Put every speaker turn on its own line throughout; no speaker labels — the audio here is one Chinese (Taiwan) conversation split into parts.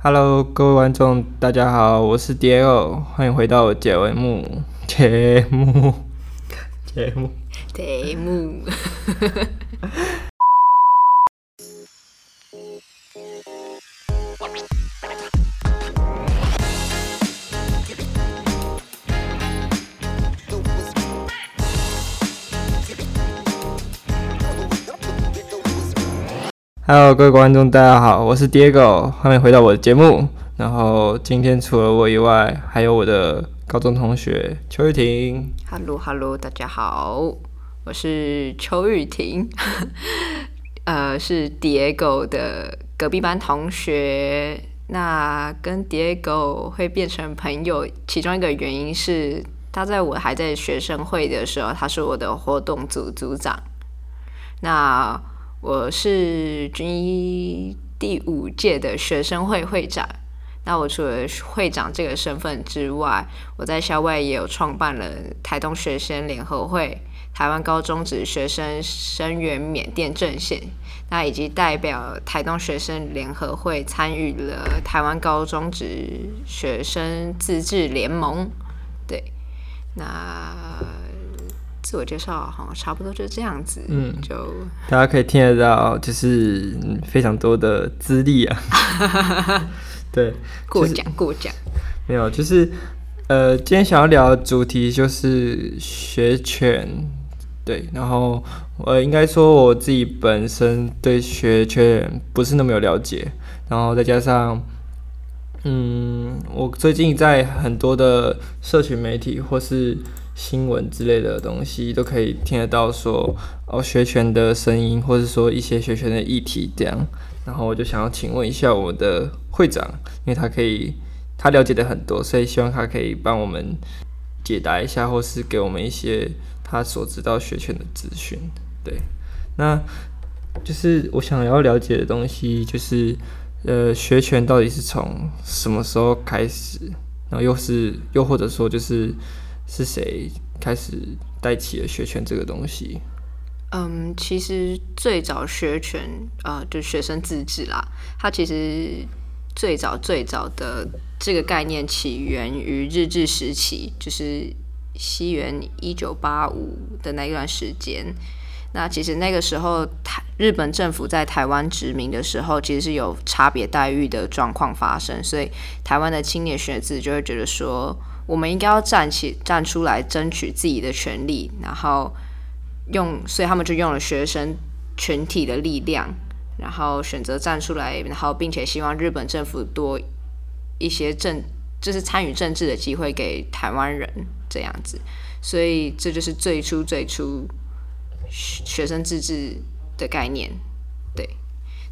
Hello，各位觀眾，大家好，我是蝶哦，歡迎回到我節目，節目，節目，
節目。
Hello，各位觀眾，大家好，我是 Diego，歡迎回到我的節目。然後今天除了我以外，還有我的高中同學邱毓庭。
Hello，Hello，hello, 大家好，我是邱毓庭， 呃，是 Diego 的隔壁班同學。那跟 Diego 會變成朋友，其中一個原因是他在我還在學生會的時候，他是我的活動組組長。那我是軍醫第五屆的學生會會長。那我除了會長這個身份之外，我在校外也有創辦了台東學生聯合會、台灣高中職學生聲援緬甸陣線，那以及代表台東學生聯合會參與了台灣高中職學生自治聯盟。對，那。自我介紹好像差不多就這樣子。嗯，
就大家可以聽得到，就是非常多的資歷啊。 對，過
獎過獎。
沒有，就是呃，今天想要聊的主題就是學權。對，然後我、呃、應該說我自己本身對學權不是那麼有了解，然後再加上，嗯，我最近在很多的社群媒體或是。新聞之類的東西都可以聽得到說，說哦，學權的聲音，或者說一些學權的議題這樣。然後我就想要請問一下我的會長，因為他可以，他了解的很多，所以希望他可以幫我們解答一下，或是給我們一些他所知道學權的資訊。對，那就是我想要了解的東西，就是呃，學權到底是從什麼時候開始？然後又是又或者說就是。是誰開始帶起了學權這個東西？
嗯，其實最早學權啊，呃，就學生自治啦。它其實最早最早的這個概念起源於日治時期，就是西元一九八五的那一段時間。那其實那個時候，台日本政府在台灣殖民的時候，其實是有差別待遇的狀況發生，所以台灣的青年學子就會覺得說。我們應該要站起、站出來爭取自己的權利，然後用，所以他們就用了學生群體的力量，然後選擇站出來，然後並且希望日本政府多一些政，就是參與政治的機會給台灣人這樣子。所以這就是最初最初學生自治的概念。對，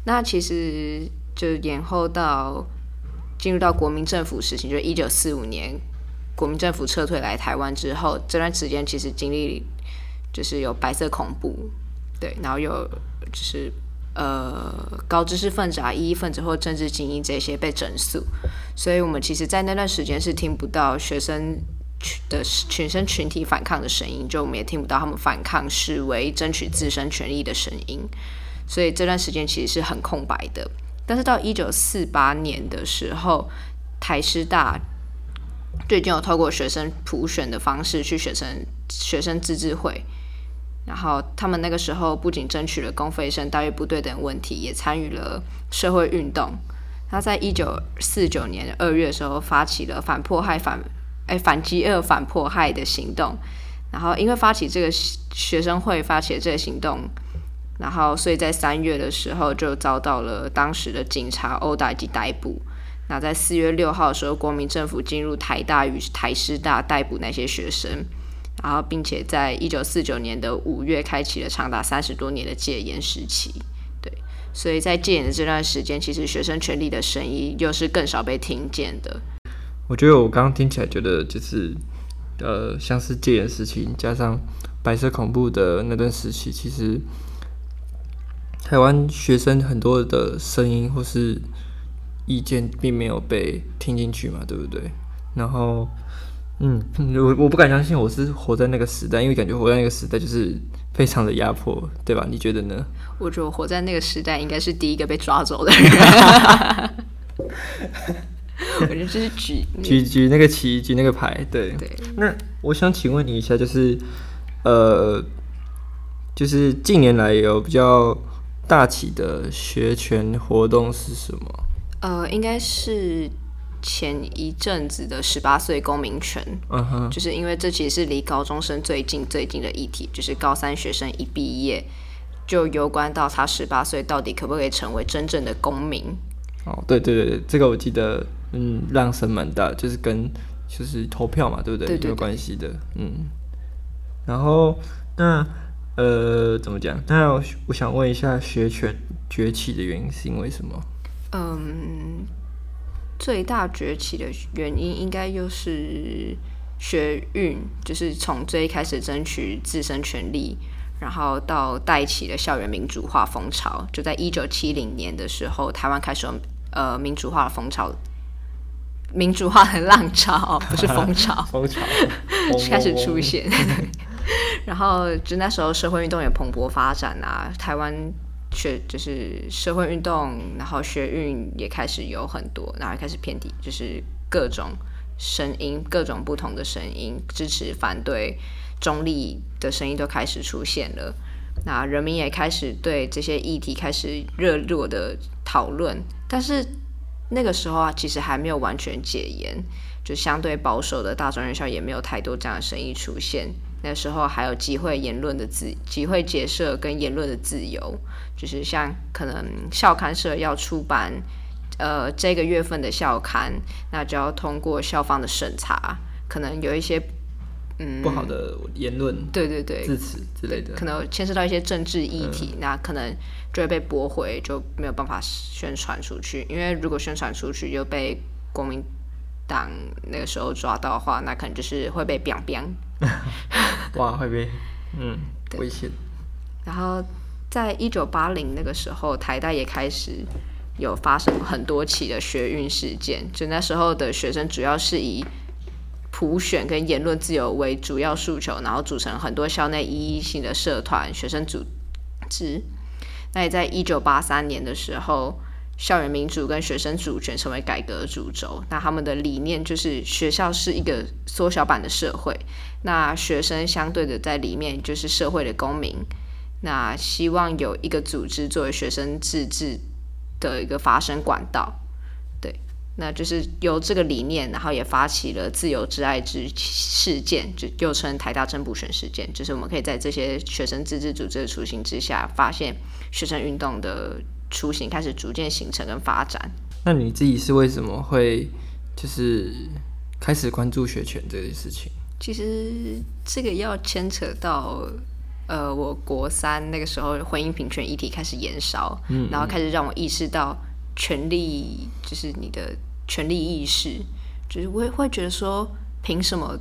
那其實就延後到進入到國民政府時期，就一九四五年。國民政府撤退來台灣之後，這段時間其實經歷就是有白色恐怖，對，然後有就是呃高知識分子啊、異議分子或政治精英這些被整肅，所以我們其實，在那段時間是聽不到學生群的群生群體反抗的聲音，就我們也聽不到他們反抗、示威、爭取自身權利的聲音，所以這段時間其實是很空白的。但是到一九四八年的時候，台師大。最近有透過學生普選的方式去學生學生自治會，然後他們那個時候不僅爭取了公費生待遇不對等問題，也參與了社會運動。他在一九四九年二月的時候發起了反迫害、反哎反飢餓、反迫害的行動，然後因為發起這個學生會發起了這個行動，然後所以在三月的時候就遭到了當時的警察毆打及逮捕。那在四月六號的時候，國民政府進入台大與台師大逮捕那些學生，然後並且在一九四九年的五月開啟了長達三十多年的戒嚴時期。對，所以在戒嚴的這段時間，其實學生權利的聲音又是更少被聽見的。
我覺得我剛剛聽起來覺得就是，呃，像是戒嚴時期加上白色恐怖的那段時期，其實台灣學生很多的聲音或是意見並沒有被聽進去嘛，對不對？然後，嗯，我我不敢相信我是活在那個時代，因為感覺活在那個時代就是非常的壓迫，對吧？你覺得呢？
我覺得我活在那個時代應該是第一個被抓走的人 我。
我覺得這是舉舉舉那個旗，舉那個牌，對對。那我想請問你一下，就是呃，就是近年來有比較大起的學權活動是什麼？
呃，應該是前一陣子的十八歲公民權，嗯哼，就是因為這其實是離高中生最近最近的議題，就是高三學生一畢業就攸關到他十八歲到底可不可以成為真正的公民。
哦，對對對，這個我記得，嗯，浪聲蠻大，就是跟就是投票嘛，對不對？對對對，有關係的，嗯。然後那呃，怎麼講？那我，我想問一下學學，學權崛起的原因是因為什麼？
嗯，最大崛起的原因應該又是學運，就是從最開始爭取自身權利，然後到帶起的校園民主化風潮。就在一九七零年的時候，台灣開始有呃民主化的風潮，民主化的浪潮，不是風潮， 風潮 開始出現。哦哦哦 然後就那時候社會運動也蓬勃發展啊，台灣。卻就是社會運動，然後學運也開始有很多，然後開始偏題，就是各種聲音，各種不同的聲音，支持、反對、中立的聲音都開始出現了。那人民也開始對這些議題開始熱絡的討論，但是那個時候啊，其實還沒有完全解嚴，就相對保守的大專院校也沒有太多這樣的聲音出現。那時候還有集會言論的自集會結社跟言論的自由，就是像可能校刊社要出版，呃，這個月份的校刊，那就要通過校方的審查，可能有一些嗯不好的
言論，對
對對，致詞之類的，對可能牽涉到一些政治議題，嗯、那可能就會被駁回，就沒有辦法宣傳出去。因為如果宣傳出去又被國民黨那個時候抓到的話，那可能就是會被扁
扁。 哇，會被嗯
對危險然後，在一九八零那個時候，台大也開始有發生很多起的學運事件。就那時候的學生主要是以普選跟言論自由為主要訴求，然後組成很多校內異議性的社團、學生組織。那也在一九八三年的時候。校園民主跟學生主權成為改革的主軸，那他們的理念就是學校是一個縮小版的社會，那學生相對的在裡面就是社會的公民，那希望有一個組織作為學生自治的一個發聲管道，對，那就是由這個理念，然後也發起了自由之愛之事件，就又稱台大真補選事件，就是我們可以在這些學生自治組織的雛形之下，發現學生運動的。雛形開始逐漸形成跟發展。
那你自己是為什麼會就是開始關注學權這件事情？
其實這個要牽扯到呃，我國三那個時候婚姻平權議題開始延燒，嗯嗯，然後開始讓我意識到權利，就是你的權利意識，就是我會覺得說，憑什麼？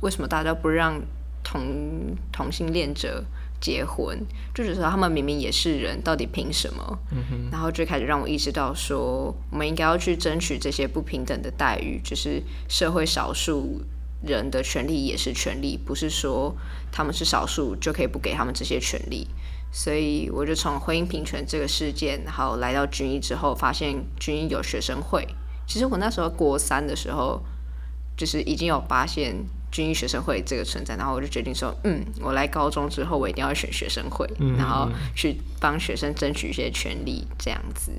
為什麼大家都不讓同同性戀者？結婚，就是說他們明明也是人，到底憑什麼？嗯、哼然後最開始讓我意識到說，我們應該要去爭取這些不平等的待遇，就是社會少數人的權利也是權利，不是說他們是少數就可以不給他們這些權利。所以我就從婚姻平權這個事件，然後來到軍醫之後，發現軍醫有學生會。其實我那時候國三的時候，就是已經有發現。權益學生會這個存在，然後我就決定說，嗯，我來高中之後，我一定要選學生會，嗯、然後去幫學生爭取一些權利，這樣子。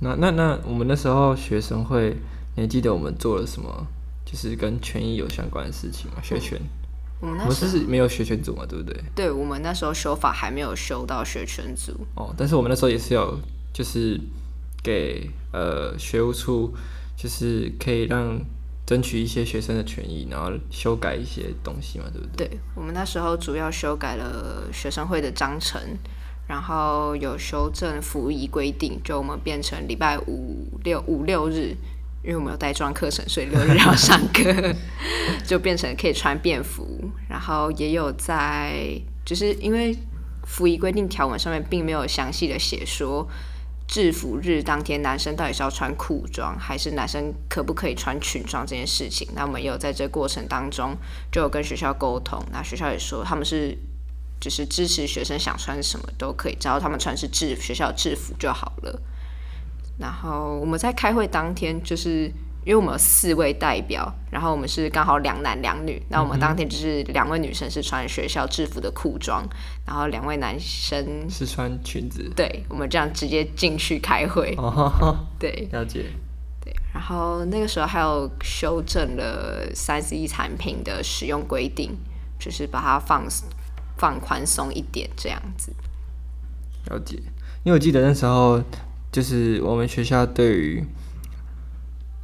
那、那、那，我們那時候學生會，你還記得我們做了什麼？就是跟權益有相關的事情嗎？學權、嗯？我們那時候我們是沒有學權組嘛，對不對？
對，我們那時候修法還沒有修到學權組
哦，但是我們那時候也是有，就是給呃學務處，就是可以讓。爭取一些學生的權益，然後修改一些東西嘛，對不對？
對，我們那時候主要修改了學生會的章程，然後有修正服儀規定，就我們變成禮拜五六五六日，因為我們有帶狀課程，所以六日要上課， 就變成可以穿便服。然後也有在，就是因為服儀規定條文上面並沒有詳細的寫說。制服日當天，男生到底是要穿褲裝，還是男生可不可以穿裙裝這件事情？那我們有在這過程當中就有跟學校溝通，那學校也說他們是就是支持學生想穿什麼都可以，只要他們穿是制服學校制服就好了。然後我們在開會當天就是。因為我們有四位代表，然後我們是剛好兩男兩女。那我們當天就是兩位女生是穿學校制服的褲裝，然後兩位男生
是穿裙子。
對，我們這樣直接進去開會。哦，對，
了解。
對，然後那個時候還有修正了 3C 產品的使用規定，就是把它放放寬鬆一點這樣子。
了解，因為我記得那時候就是我們學校對於。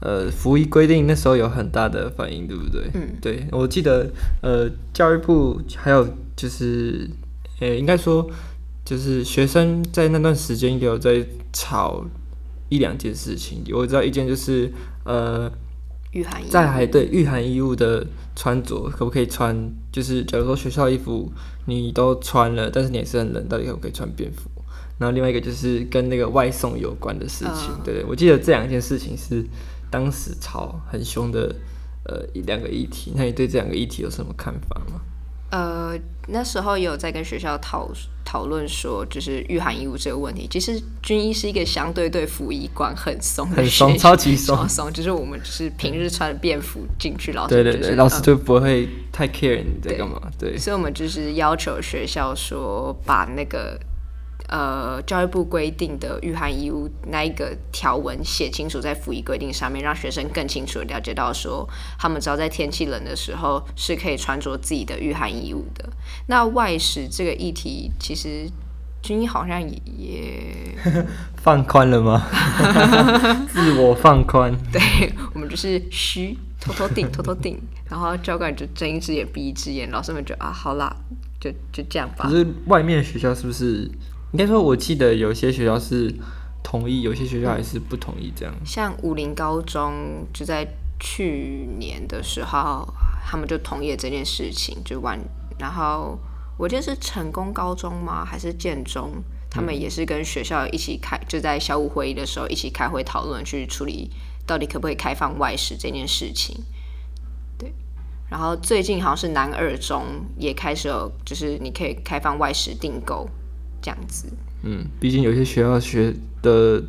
呃，服儀規定那時候有很大的反應，對不對？嗯，對，我記得，呃，教育部還有就是，呃、欸，應該說，就是學生在那段時間有在吵一兩件事情。我知道一件就是，呃，御寒衣在海對御寒衣物的穿着可不可以穿？就是假如說學校衣服你都穿了，但是你也是很冷，到底可不可以穿便服？然後另外一個就是跟那個外送有關的事情，呃、對，我記得這兩件事情是。當時吵很兇的，呃，一兩個議題，那你對這兩個議題有什麼看法嗎？
呃，那時候也有在跟學校討討論說，就是御寒衣物這個問題，其實軍醫是一個相對對服儀管很鬆，很鬆，超級鬆， 就是我們是平日穿便服進去，老師、就是、對對對，嗯、老師就
不會太 care 你在幹嘛，對，對所以
我們就是要求學校說把那個。呃，教育部規定的御寒衣物那一個條文寫清楚在服儀規定上面，讓學生更清楚地了解到說，他們只要在天氣冷的時候是可以穿着自己的御寒衣物的。那外食這個議題，其實軍醫好像也，也
放寬了嗎？ 自我放寬，
對我們就是虛偷偷定，偷偷定，然後教官就睜一隻眼閉一隻眼，老師們就啊，好啦，就就這樣吧。可
是外面學校是不是？應該說，我記得有些學校是同意，有些學校還是不同意。這樣、
嗯，像武陵高中就在去年的時候，他們就同意了這件事情，就完。然後我記得是成功高中嗎？還是建中？他們也是跟學校一起開，嗯、就在校務會議的時候一起開會討論去處理到底可不可以開放外食這件事情。對。然後最近好像是南二中也開始有，就是你可以開放外食訂購。這樣子，
嗯，畢竟有些學校學的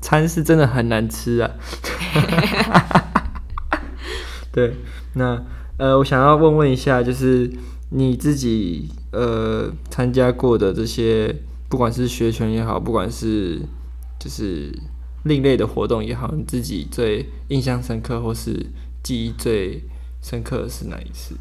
餐是真的很難吃啊。 對，那呃，我想要問問一下，就是你自己呃參加過的這些，不管是學權也好，不管是就是另類的活動也好，你自己最印象深刻或是記憶最深刻的是哪一次？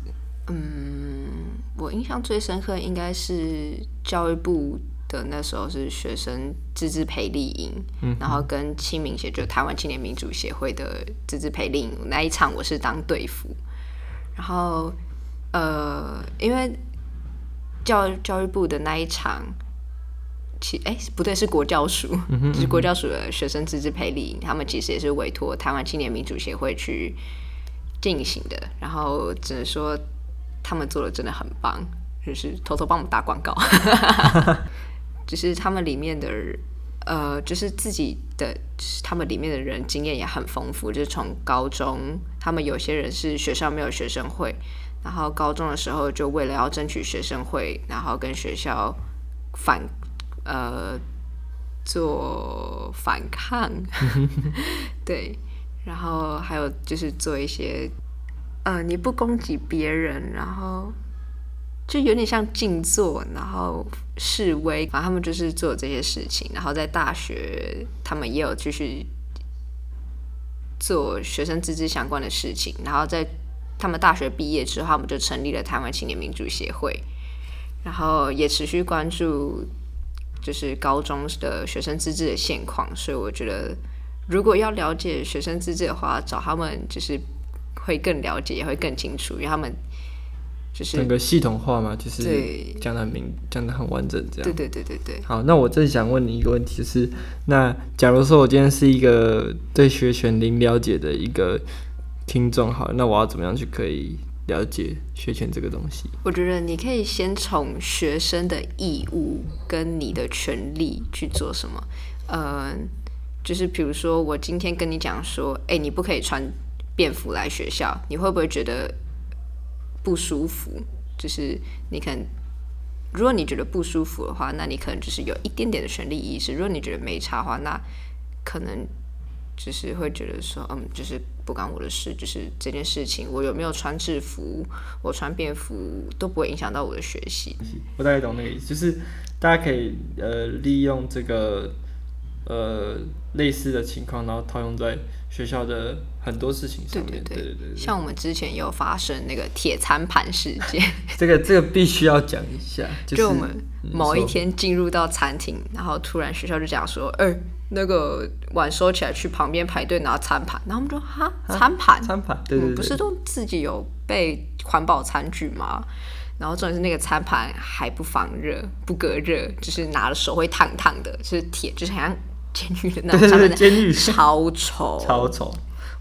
嗯。
我印象最深刻應該是教育部的那時候是學生自治培力營，嗯、哼然後跟青民協就台灣青年民主協會的自治培力營那一場，我是當隊輔，然後呃，因為教教育部的那一場，其哎、欸、不對是國教署，嗯哼嗯哼就是國教署的學生自治培力營，他們其實也是委托台灣青年民主協會去進行的，然後只能說。他們做的真的很棒，就是偷偷幫我們打廣告。只 是他們裡面的人，呃，就是自己的，就是、他們裡面的人經驗也很豐富。就是從高中，他們有些人是學校沒有學生會，然後高中的時候就為了要爭取學生會，然後跟學校反，呃，做反抗。 對，然後還有就是做一些。呃，你不攻擊別人，然後就有點像靜坐，然後示威，反正他們就是做這些事情。然後在大學，他們也有繼續做學生自治相關的事情。然後在他們大學畢業之後，他們就成立了台灣青年民主協會，然後也持續關注就是高中的學生自治的現況。所以我覺得，如果要了解學生自治的話，找他們就是。會更了解，也會更清楚，因為他們
就是整個系統化嘛，就是講的很明，講的對很完整，這樣。對對對對對。好，那我正想問你一個問題、就是：那假如說我今天是一個對學權零了解的一個聽眾，好，那我要怎麼樣去可以了解學權這個東西？
我覺得你可以先從學生的義務跟你的權利去做什麼，嗯、呃，就是比如說我今天跟你講說，哎，你不可以穿。便服來學校，你會不會覺得不舒服？就是你可能如果你覺得不舒服的話，那你可能就是有一點點的權利意識。如果你覺得沒差的話，那可能就是會覺得說，嗯，就是不關我的事，就是這件事情我有沒有穿制服，我穿便服都不會影響到我的學習。
不太懂那個意思，就是大家可以呃利用這個。呃，類似的情況，然後套用在學校的很多事情上面。對對對，對對對對，像
我們之前有發生那個鐵餐盤事件，
這個這個必須要講一下。就是、就我們某一天
進入到餐廳，嗯、然後突然學校就講說，哎、嗯欸，那個碗收起來，去旁邊排隊拿餐盤。然後我們說，哈，餐盤，餐盤，對，對，對、嗯，不是都自己有備環保餐具嗎？然後重點是那個餐盤還不防熱、不隔熱，就是拿了手會燙燙的，就是鐵，就是好像。監獄，的那對對對，監獄
超醜醜，超醜。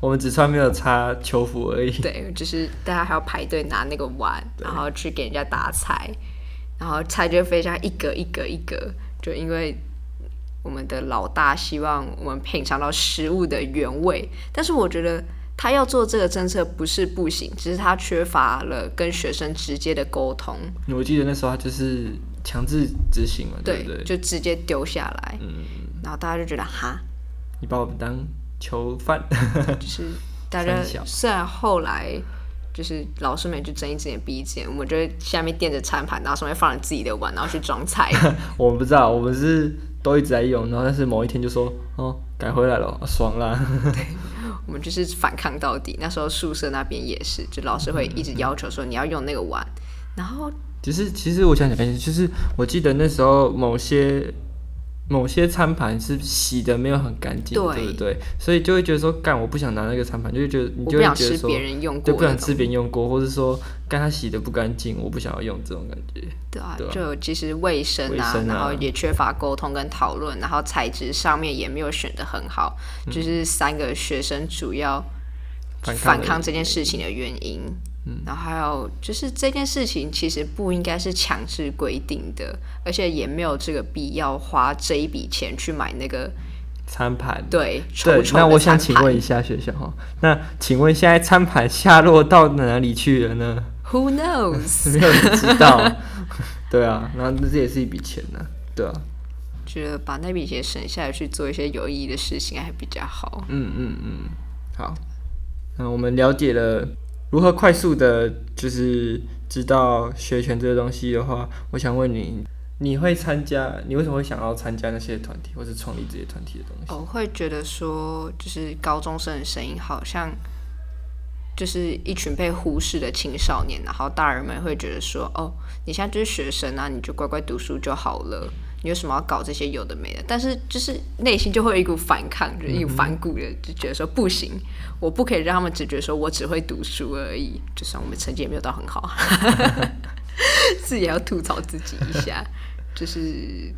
我們只穿沒有穿囚服而已。
對，就是大家還要排隊拿那個碗，對然後去給人家打菜，然後菜就非常一,一格一格一格。就因為我們的老大希望我們品嘗到食物的原味，但是我覺得他要做這個政策不是不行，只是他缺乏了跟學生直接的溝通。
我記得那時候他就是強制執行嘛，對不對？對對對，就
直接丟下來。嗯。然後大家就覺得哈，
你把我們當囚犯。 就是大家小
雖然後來就是老師們就睜一只眼閉一只眼，我們就下面墊着餐盤，然後上面放着自己的碗，然後去裝菜。
我不知道，我們是都一直在用，然後但是某一天就說哦，改回來了，爽啦。
對，我們就是反抗到底。那時候宿舍那邊也是，就老師會一直要求說你要用那個碗， 然後
就是其實我想想，哎，就是我記得那時候某些。某些餐盤是洗的沒有很乾淨，對，對不對？所以就會覺得說，幹我不想拿那個餐盤，就會覺得，我不想吃別人用過的那種。對，不想吃別人用過，或是說剛剛洗的不乾淨，我不想要用這種感覺。對啊，就
其實衛生啊，衛生啊然後也缺乏溝通跟討論，然後材質上面也沒有選得很好，嗯，就是三個學生主要反抗這件事情的原因。嗯、然後還有就是這件事情，其實不應該是強制規定的，而且也沒有這個必要花這一筆錢去買那個
餐盤。對，丑丑丑對。那我想請問一下學校哈、 哦，那請問現在餐盤下落到哪裡去了呢？Who
knows？ 沒有人知道。
對啊，那這也是一筆錢呢、啊。對啊，
覺得把那筆錢省下來去做一些有意義的事情還比較好。嗯嗯
嗯，好。那我們了解了。如何快速的，就是知道學權這些東西的話，我想問你，你會參加，你為什麼會想要參加那些團體，或是創立這些團體的東西？我、哦、
會覺得說，就是高中生的聲音好像，就是一群被忽視的青少年，然後大人們會覺得說，哦，你現在就是學生啊，你就乖乖讀書就好了。你有什麼要搞這些有的沒的？但是就是內心就會有一股反抗，就是、一股反骨的、嗯、哼就覺得說不行，我不可以讓他們只覺得說我只會讀書而已。就算我們成績也沒有到很好，哈哈哈哈，自己也要吐槽自己一下。 就是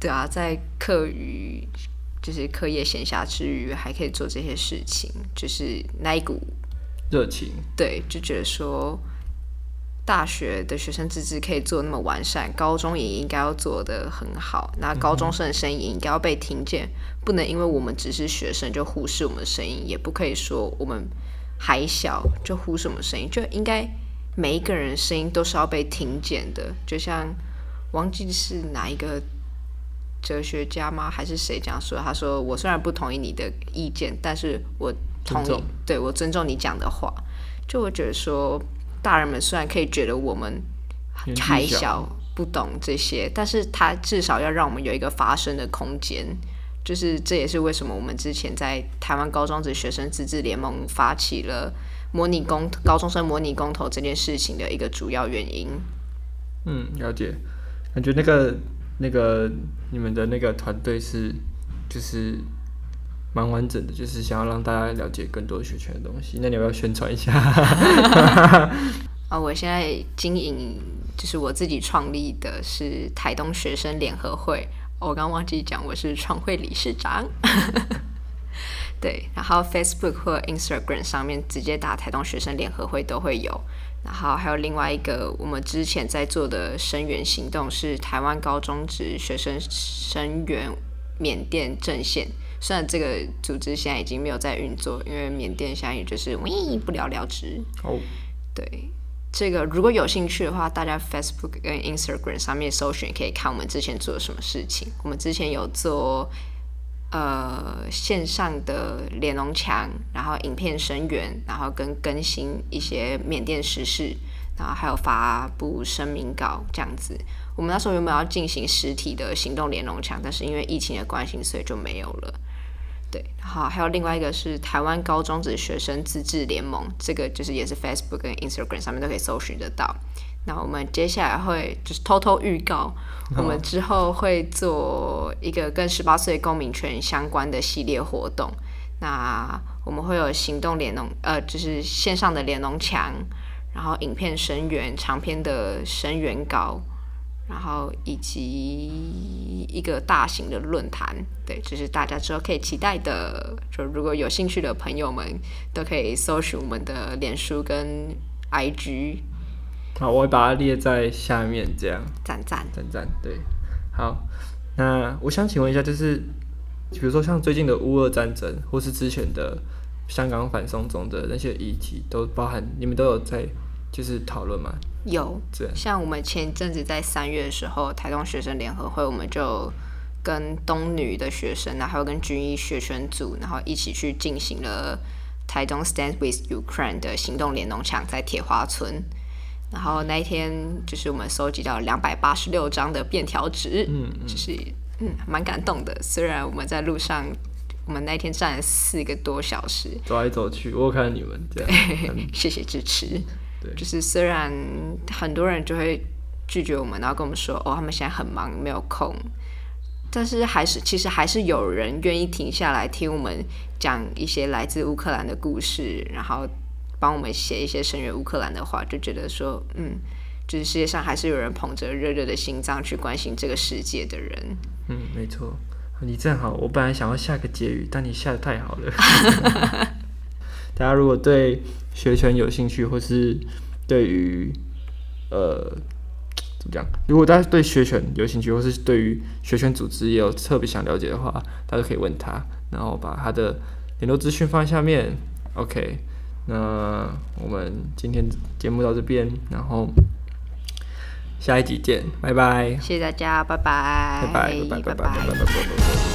對啊，在課餘就是課業閒暇之餘還可以做這些事情，就是那一股熱情，對，就覺得說。大學的學生自治可以做那麼完善，高中也應該要做得很好。那高中生的聲音也應該要被聽見，嗯、哼不能因為我們只是學生就忽視我們的聲音，也不可以說我們還小就忽什麼聲音。就應該每一個人聲音都是要被聽見的。就像忘記是哪一個哲學家嗎？還是誰講說，他說：“我雖然不同意你的意見，但是我同意，重對我尊重你講的話。”就我覺得說。大人們雖然可以覺得我們還小，小不懂這些，但是他至少要讓我們有一個發聲的空間，就是這也是為什麼我們之前在台灣高中學生自治聯盟發起了模擬公高中生模擬公投這件事情的一個主要原因。嗯，
了解，感覺那個那個你們的那個團隊是就是。蠻完整的，就是想要讓大家了解更多學權的東西。那你要不要宣傳一下？
啊、 哦，我現在經營就是我自己創立的，是台東學生聯合會。哦、我剛忘記講，我是創會理事長。 對，然後 Facebook 或 Instagram 上面直接打“台東學生聯合會”都會有。然後還有另外一個，我們之前在做的聲援行動是台灣高中職學生聲援緬甸陣線。雖然這個組織現在已經沒有在運作，因為緬甸現在也就是喂不了了之。哦，oh. 對，這個如果有興趣的話，大家 Facebook 跟 Instagram 上面搜尋，可以看我們之前做了什麼事情。我們之前有做呃線上的連儂牆，然後影片聲援，然後跟更新一些緬甸時事，然後還有發布聲明稿這樣子。我們那時候原本要進行實體的行動連儂牆，但是因為疫情的關係，所以就沒有了。對，好，還有另外一個是台灣高中子學生自治聯盟，這個就是也是 Facebook 跟 Instagram 上面都可以搜尋得到。那我們接下來會就是偷偷預告，我們之後會做一個跟十八歲公民權相關的系列活動。哦。那我們會有行動聯盟，呃，就是線上的聯盟牆，然後影片聲援，長篇的聲援稿。然後以及一個大型的論壇，對，這、就是大家之後可以期待的。就如果有興趣的朋友們，都可以搜尋我們的臉書跟 IG。
好，我會把它列在下面，這樣。讚讚讚讚，對。好，那我想請問一下，就是比如說像最近的烏俄戰爭，或是之前的香港反送中的那些議題，都包含你們都有在就是討論嗎？
有，像我們前一陣子在三月的時候，台東學生聯合會，我們就跟東女的學生，然後還有跟軍醫學權組，然後一起去進行了台東 Stand with Ukraine 的行動，連儂牆在鐵花村。然後那一天，就是我們收集到兩百八十六張的便條紙，嗯嗯、就是嗯蠻感動的。雖然我們在路上，我們那一天站了四個多小時，
走來走去。我看你們這樣，對，
謝謝支持。對就是雖然很多人就會拒絕我們，然後跟我們說哦，他們現在很忙，沒有空。但是還是其實還是有人願意停下來聽我們講一些來自烏克蘭的故事，然後幫我們寫一些聲援烏克蘭的話，就覺得說嗯，就是世界上還是有人捧着熱熱的心臟去關心這個世界
的人。嗯，沒錯。你正好，我本來想要下個結語，但你下得太好了。 大家如果對學權有興趣，或是對於呃怎麼講？如果大家對學權有興趣，或是對於學權組織也有特別想了解的話，大家可以問他，然後把他的聯絡資訊放在下面。OK，那我們今天節目到這邊，然後下一集見，拜拜！謝謝大家，拜拜！拜拜。拜拜。拜拜拜拜拜拜拜拜。